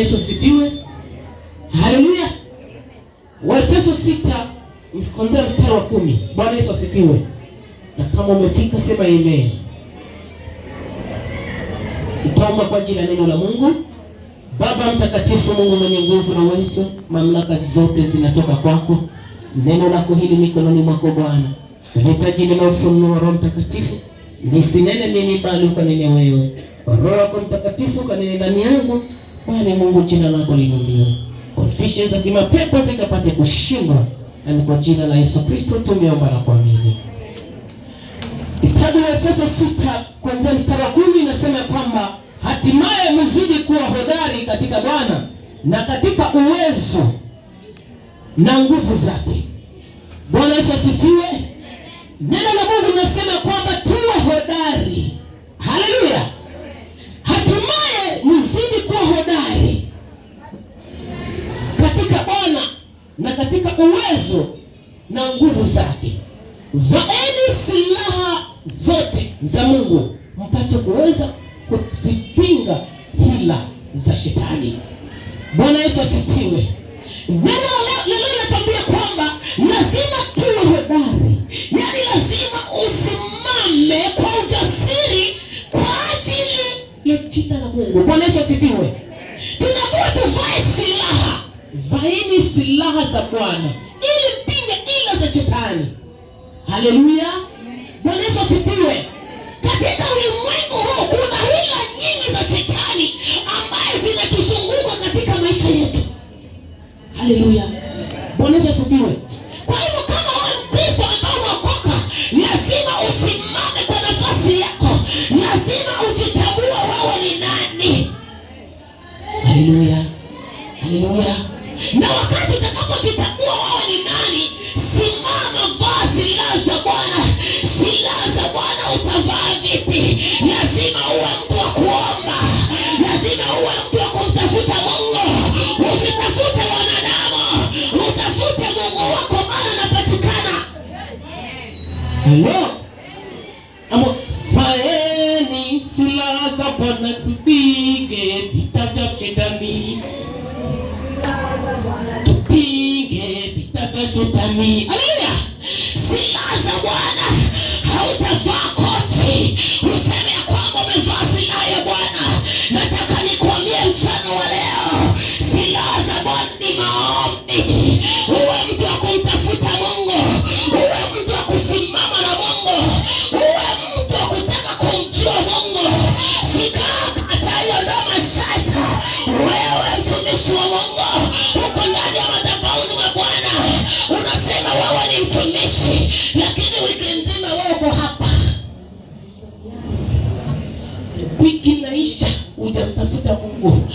Yesu asifiwe. Haleluya. Waefeso sita kuanzia mstari wa kumi. Bwana Yesu asifiwe. Na kama umefika sema amen. Utaomba kwa ajili ya neno la Mungu. Baba mtakatifu, Mungu mwenye nguvu na uwezo, mamlaka zote zinatoka kwako. Neno lako hili mikononi mwako Bwana, unahitaji neno ufunuo wa Roho Mtakatifu, nisinene mimi bali ukanene wewe. Roho wako Mtakatifu ukanene ndani yangu Bwana Mungu, jina lako linuliwe, konfeshen za kimapepo zikapate kushindwa, na kwa jina la Yesu Kristo tumeomba na kuamini. Kitabu ya Efeso sita kuanzia mstari wa kumi inasema kwamba hatimaye mzidi kuwa hodari katika Bwana na katika uwezo na nguvu zake. Bwana Yesu asifiwe. Neno la Mungu linasema kwamba tuwe hodari. Haleluya. na katika uwezo na nguvu zake. Vaeni silaha zote za Mungu mpate kuweza kuzipinga hila za shetani. Bwana Yesu asifiwe. Neno leo linatuambia kwamba lazima tuwe hodari, yaani lazima usimame kwa ujasiri kwa ajili ya jina la Mungu. Bwana Yesu asifiwe. Tunaambiwa vaini silaha za Bwana ili mpinge ila za shetani. Haleluya, Bwana Yesu asifiwe. Katika ulimwengu huu kuna hila nyingi za shetani ambaye zinatuzunguka katika maisha yetu. Haleluya. Hello? Ama faeni sila za Bwana tupige vita vya shetani, tupige vita vya shetani. Haleluya! anatafuta Mungu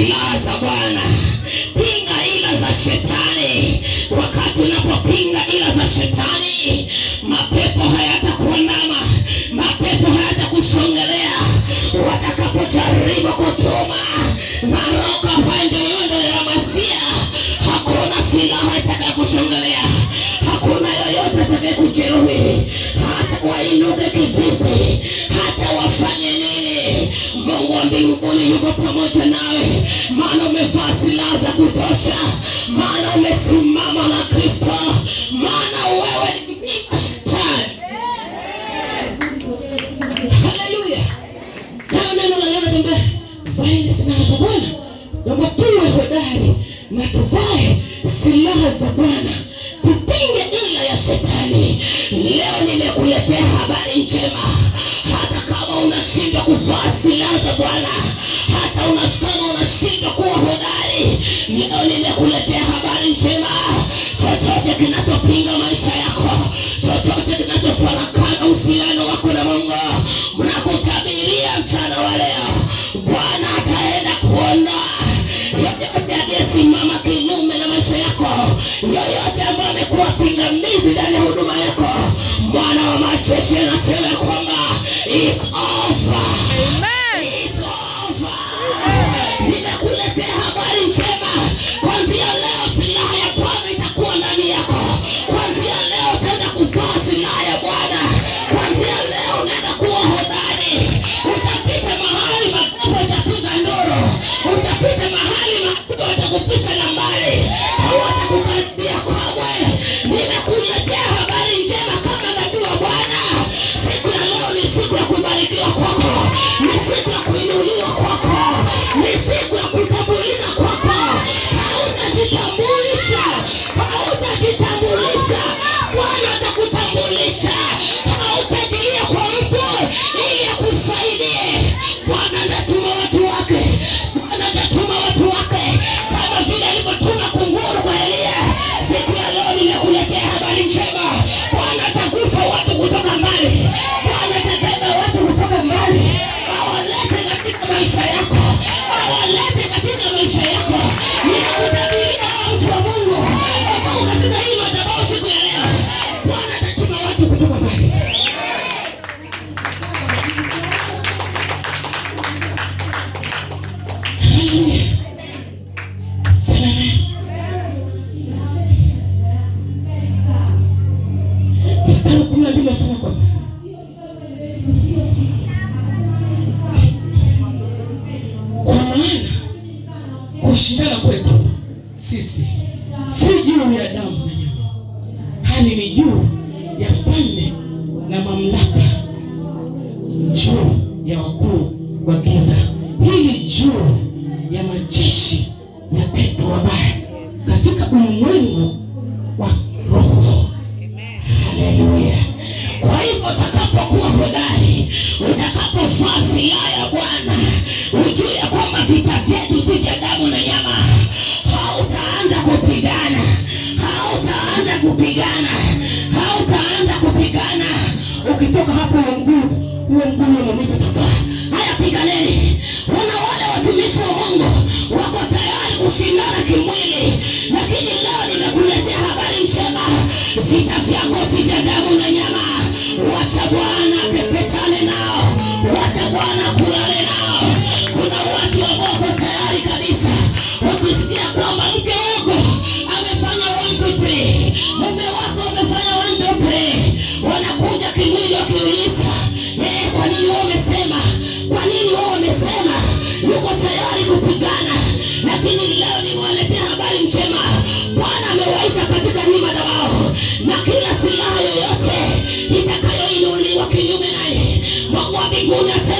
silaha mbinguni yuko pamoja nawe, maana umevaa silaha za kutosha, maana umesimama na Kristo, maana wewe ni shetani. Haleluya! Hayo neno naliona kwamba vaeni silaha za Bwana, kwamba tuwe hodari na tuvae silaha za Bwana. Leo nimekuletea habari njema, hata kama unashindwa kuvaa silaha za Bwana, hata unashikama unashindwa kuwa hodari, leo nimekuletea habari njema. Chochote kinachopinga maisha yako, chochote kinachofarakana uhusiano wako na Mungu, mnakutabiria mchana wa leo, Bwana ataenda kuondoa yeyote aliyesimama kinyume na maisha yako yoyo Sisi nasema kwamba it's over.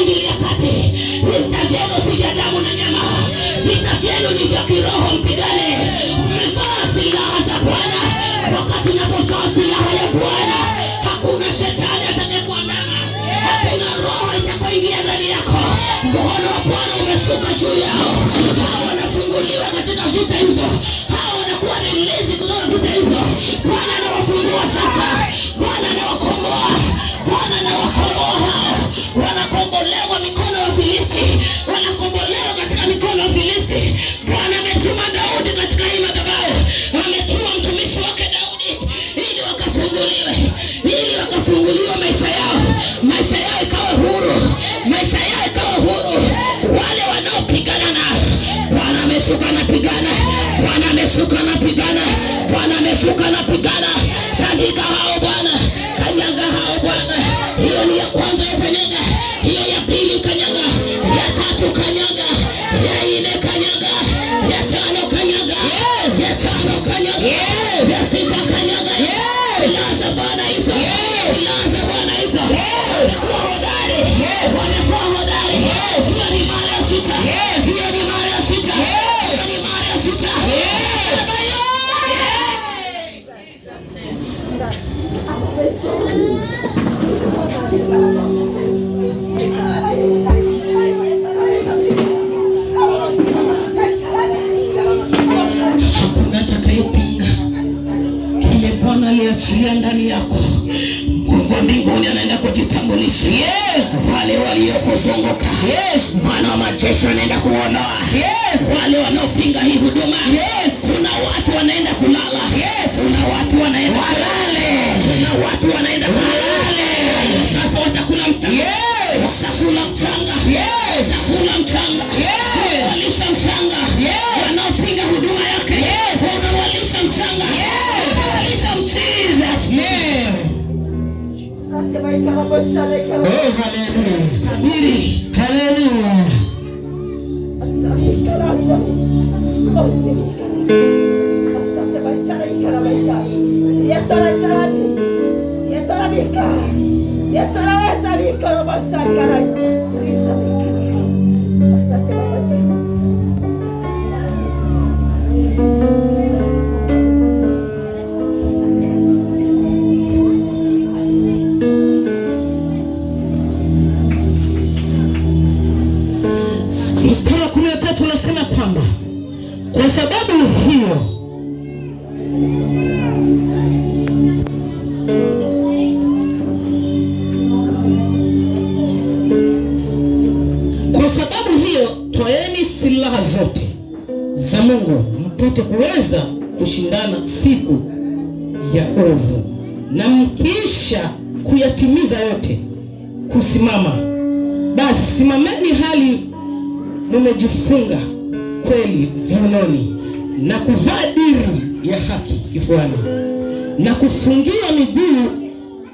itaingilia kati. Vita vyenu si vya damu na nyama, vita vyenu ni vya kiroho, mpigane. Mmevaa silaha za Bwana. Wakati unapovaa silaha ya Bwana, hakuna shetani atakayekuandama, hakuna roho itakayoingia ndani yako. Mkono wa Bwana umeshuka juu yao, hao wanafunguliwa katika vita hizo, hao wanakuwa na ilezi kutoka vita hizo. ameshuka na pigana, Bwana ameshuka na pigana, tandika hao kufunguka. Yes. Bwana wa majeshi anaenda kuondoa. Yes. Wale wanaopinga hii huduma. Yes. Kuna watu wanaenda kulala. Yes. Kuna watu wanaenda walale. Kuna watu wanaenda walale. Sasa watakula mchanga. Yes. Watakula mchanga. Yes. Watakula Yesu anaweza, Yesu anaweza, kufunga kweli viunoni na kuvaa diri ya haki kifuani na kufungia miguu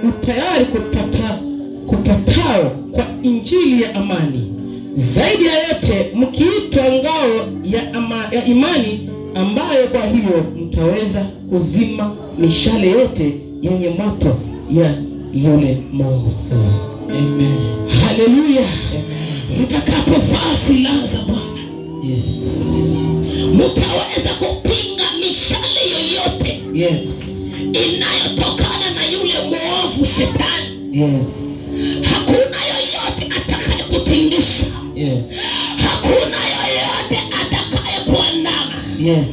utayari kupata kupatao kwa injili ya amani. Zaidi ya yote mkiitwa ngao ya, ama, ya imani ambayo kwa hiyo mtaweza kuzima mishale yote yenye moto ya yule maovu. Amen. Haleluya. Mtakapofaa silaha za Bwana Yes. Mutaweza kupinga mishale yoyote yes, inayotokana na yule mwovu shetani yes. Hakuna yoyote atakaye kutingisha yes. Hakuna yoyote atakaye kuandama yes.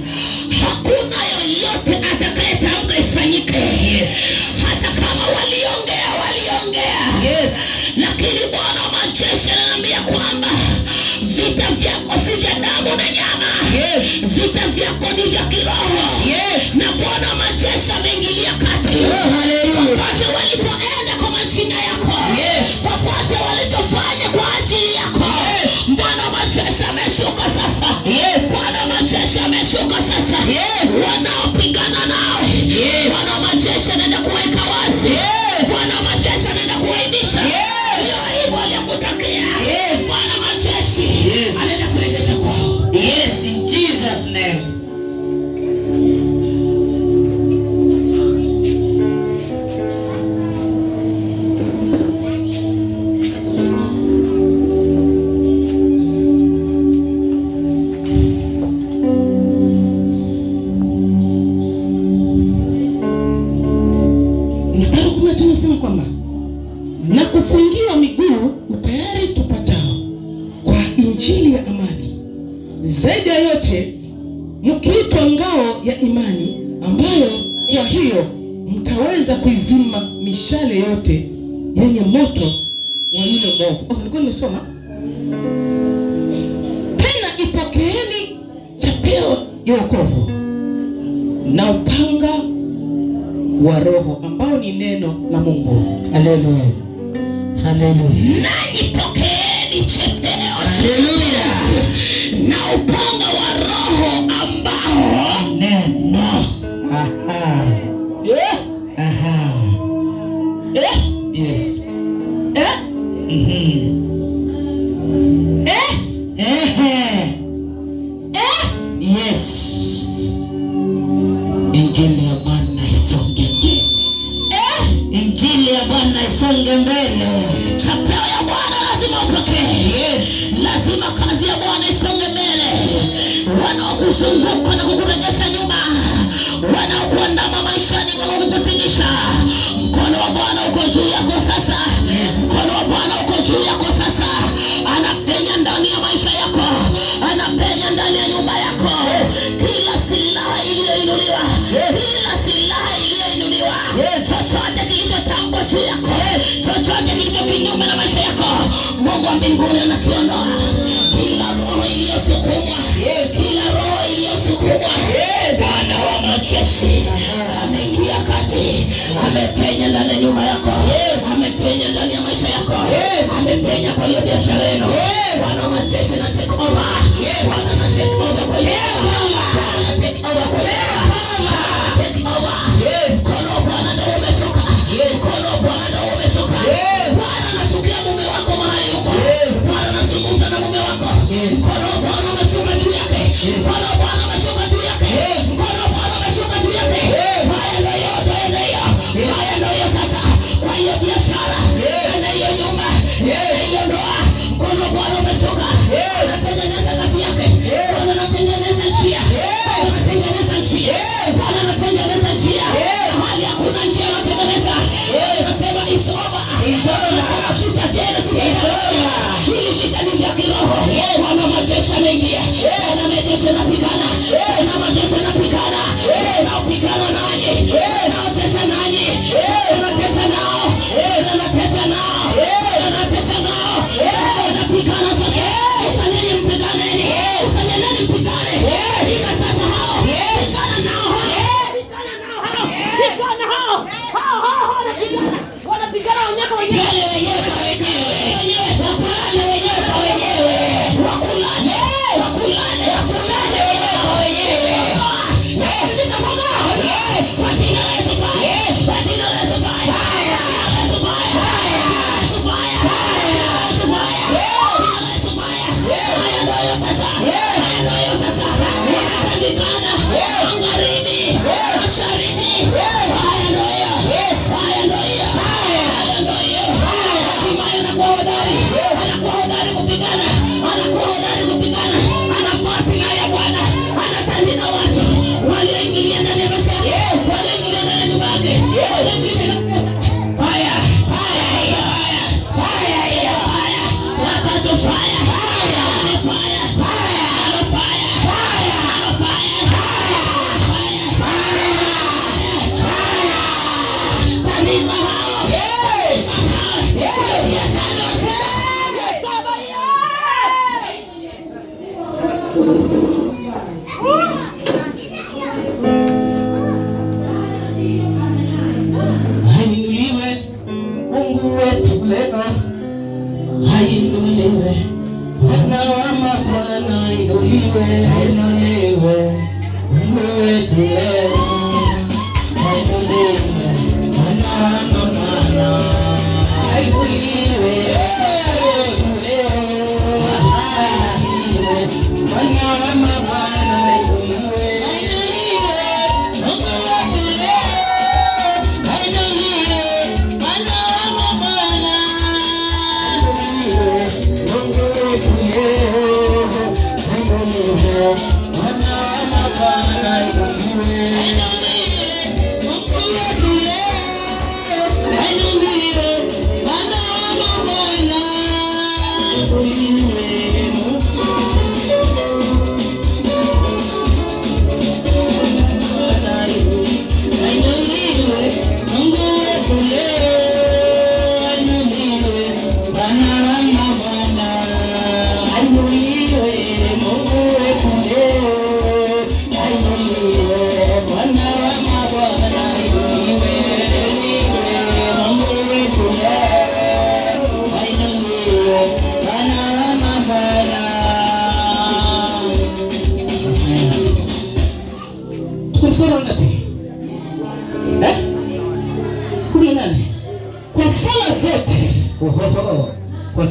vita vyakoni vya kiroho yes. na Bwana majeshi ameingilia kati, oh, haleluya, wote walipo ya imani ambayo kwa hiyo mtaweza kuizima mishale yote yenye moto wa yule mwovu. Oh, nilikuwa nimesoma tena, ipokeeni chapeo ya wokovu na upanga wa Roho ambao ni neno la Mungu. Haleluya, haleluya! Nanyi pokeeni chapeo, haleluya, na upanga wa Roho ambao lazima kazi ya Bwana isonge mbele. Wanaokuzunguka na kukurejesha nyuma, wanaokuandama maishani kwa kukutingisha, mkono wa Bwana uko juu yako sasa, mkono wa Bwana uko juu yako sasa. Anapenya ndani ya maisha yako, anapenya ndani ya nyumba yako. Kila silaha iliyoinuliwa, kila silaha iliyoinuliwa, chochote kilichotambwa juu yako, chochote kilicho kinyume na maisha yako, Mungu wa mbinguni anakiondoa. majeshi ameingia kati, amepenya ndani ya nyumba yako, amepenya ndani ya maisha yako, amepenya kwa hiyo biashara yenu. Bwana wa majeshi na take over, Bwana na take over kwa hiyo, Bwana na take over kwa hiyo majeshi yanaingia, kuna majeshi yanapigana, kuna majeshi yanapigana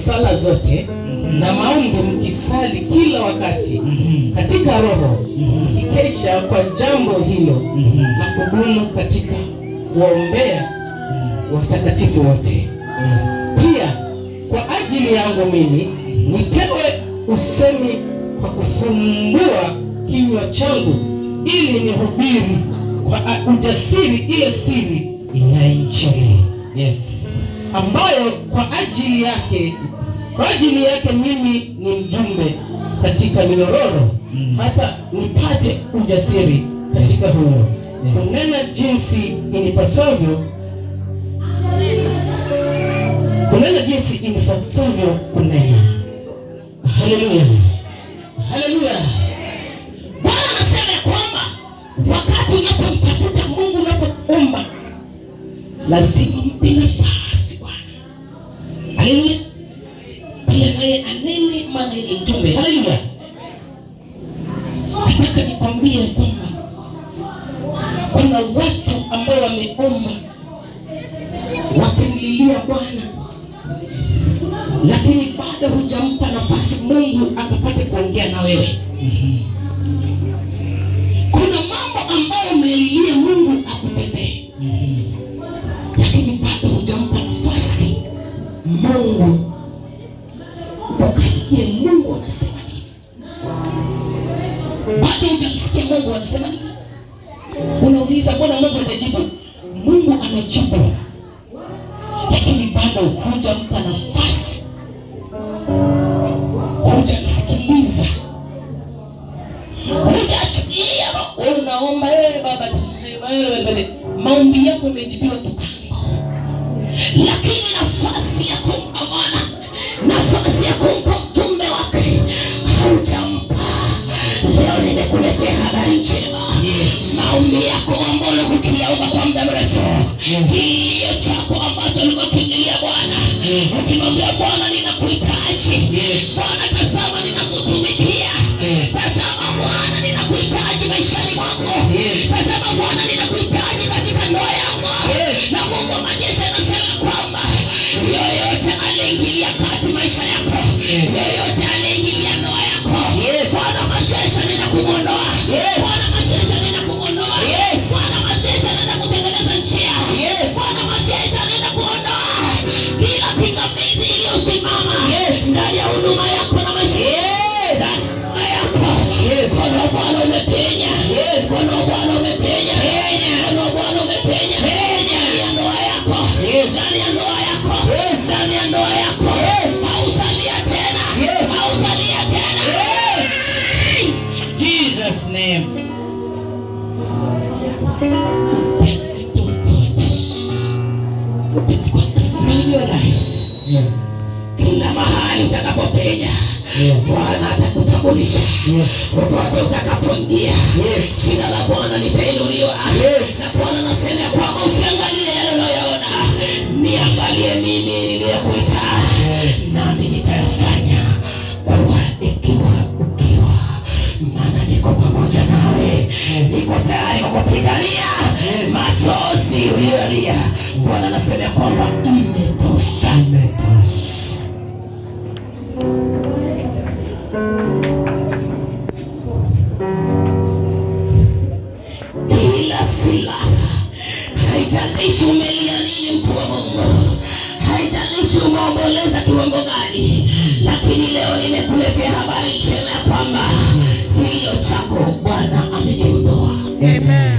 sala zote mhm. na maombi mkisali kila wakati mhm. katika roho mhm. mkikesha kwa jambo hilo na kudumu katika kuombea watakatifu wote Pia kwa ajili yangu mimi nipewe usemi kwa kufumbua kinywa changu ili nihubiri kwa ujasiri ile siri inayinchini. Yes ambayo kwa ajili yake kwa ajili yake mimi ni mjumbe katika minyororo mm. hata nipate ujasiri katika huo yes. kunena jinsi inipasavyo kunena jinsi inipasavyo kunena. Haleluya, haleluya. Bwana anasema kwamba wakati unapomtafuta Mungu unapoumba lazima mpinafaa Haleluya. Pia naye anene, maana ni mtume. Haleluya. Nataka nikwambie kwamba kuna watu ambao wameomba wakimlilia Bwana, lakini bado hujampa nafasi Mungu akapate kuongea na wewe. Kuna mambo ambayo umelilia Mungu akutendee mhm. ukasikie Mungu anasema nini. Bado hujamsikia Mungu anasema nini? Unauliza, mbona Mungu atajibu? Mungu anajibu, lakini bado hujampa nafasi, hujamsikiliza, hujaachilia. Unaomba wewe, Baba, maombi yako yamejibiwa kitambo, lakini nafasi ya kumpa hujauka kwa muda mrefu. Hiyo chako ambacho ulikokimbilia Bwana, usimwambia Bwana, ninakuhitaji Bwana, tazama nina Bwana atakutambulisha popote utakapoingia. Jina la Bwana litainuliwa, na Bwana anasema ya kwamba usiangalie yale unayoona, niangalie mimi niliyekuita, nami nitayafanya kuwa ikiwa ukiwa, maana niko pamoja nawe, niko tayari kukupigania machozi uliyolia. Bwana anasema ya kwamba imetosha. Haijalishi umelia nini, mtu wa Mungu, haijalishi umeomboleza kiwango gani, lakini leo nimekuletea habari njema ya kwamba kilio chako Bwana amekiondoa. Amen.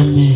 Amen.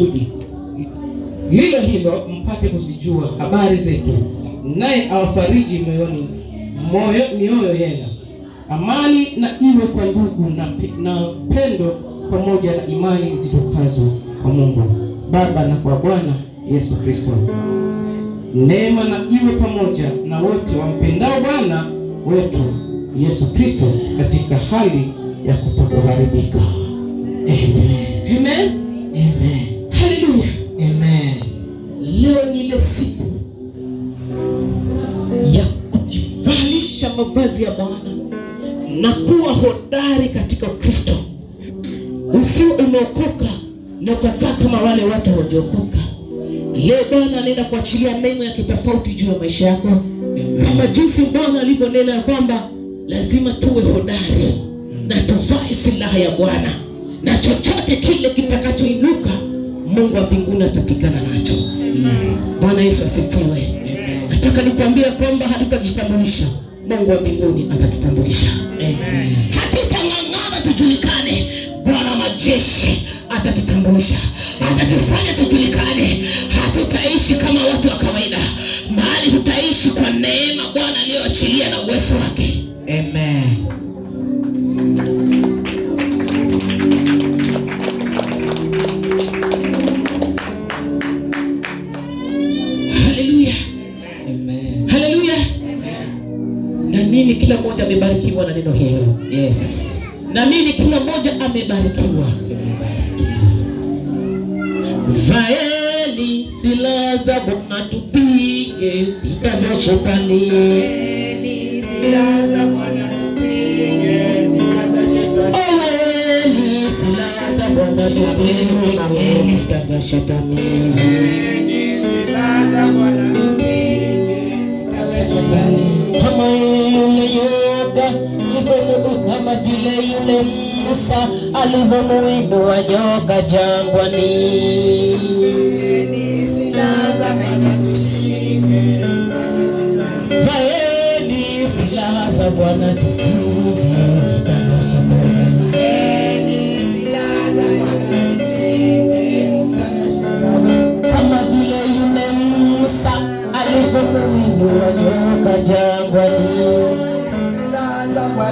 kusudi lilo hilo mpate kuzijua habari zetu, naye awafariji moyoni moyo mioyo yenu. Amani na iwe kwa ndugu na, na pendo pamoja na imani zitokazo kwa Mungu Baba na kwa Bwana Yesu Kristo. Neema na iwe pamoja na wote wampendao Bwana wetu Yesu Kristo katika hali ya kutokuharibika. Amen. Amen. Amen. Haleluya, amen. Leo ni ile siku ya kujivalisha mavazi ya Bwana na kuwa hodari katika Kristo. Usio umeokoka na ukakaa kama wale watu hawajaokoka, leo Bwana anaenda kuachilia neno ya kitofauti juu ya maisha yako, kama jinsi Bwana alivyonena ya kwamba lazima tuwe hodari na tuvae silaha ya Bwana na chochote kile kitakachoinuka Mungu wa mbinguni atapigana nacho. Bwana Yesu asifiwe. Nataka nikwambie kwamba hatutajitambulisha, Mungu wa mbinguni atatutambulisha. Hatutang'ang'ana tujulikane, Bwana majeshi atatutambulisha, atatufanya tujulikane. Hatutaishi kama watu wa kawaida, mahali tutaishi kwa neema Bwana aliyoachilia na uwezo wake. Amen. Naamini kila mmoja amebarikiwa na neno hilo. Yes. Naamini kila mmoja amebarikiwa. Vaeni silaha za Bwana tupige vita vya shetani. Vaeni silaha za Bwana tupige vita vya shetani. Vaeni silaha za Bwana tupige vita vya shetani. Vaeni silaha za Bwana tupige vita vya shetani midogo kama vile yule Musa alivyomuinua nyoka jangwani. Bwana kama vile yule Musa alivyomuinua nyoka jangwani.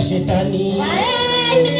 সেটা